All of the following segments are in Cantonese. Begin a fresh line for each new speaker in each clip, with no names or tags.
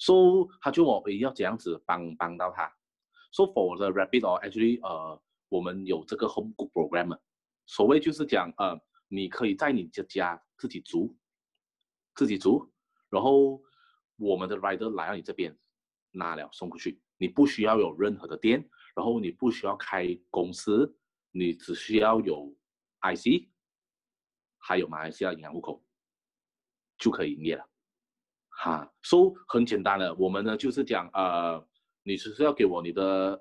所以、so, 他就我要怎樣子幫幫到他，所以、so、for the rapid or actually，呃、uh,，我們有這個 home cook programme 所謂就是講呃，uh, 你可以在你嘅家自己煮。自己煮，然後我們的 rider 來到你這邊拿了送過去，你不需要有任何的店，然後你不需要開公司，你只需要有 IC，還有馬來西亞銀行戶口，就可以營業了。哈，以、so, 很簡單的，我們呢就是講，呃，你只是要給我你的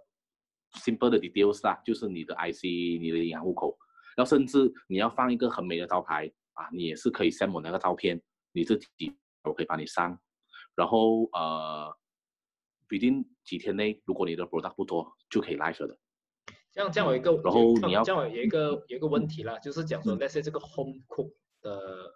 simple 的 details 啊，就是你的 IC，你的銀行戶口，然後甚至你要放一個很美的招牌，啊，你也是可以 send 我那個照片，你自己我可以幫你上。然後，呃，一定幾天內如果你的 product 不多，就可以 live 的。這樣，這
樣有一個，然後你要，這樣有一個有一個問題啦，就是講說，那些這個 home cook 的。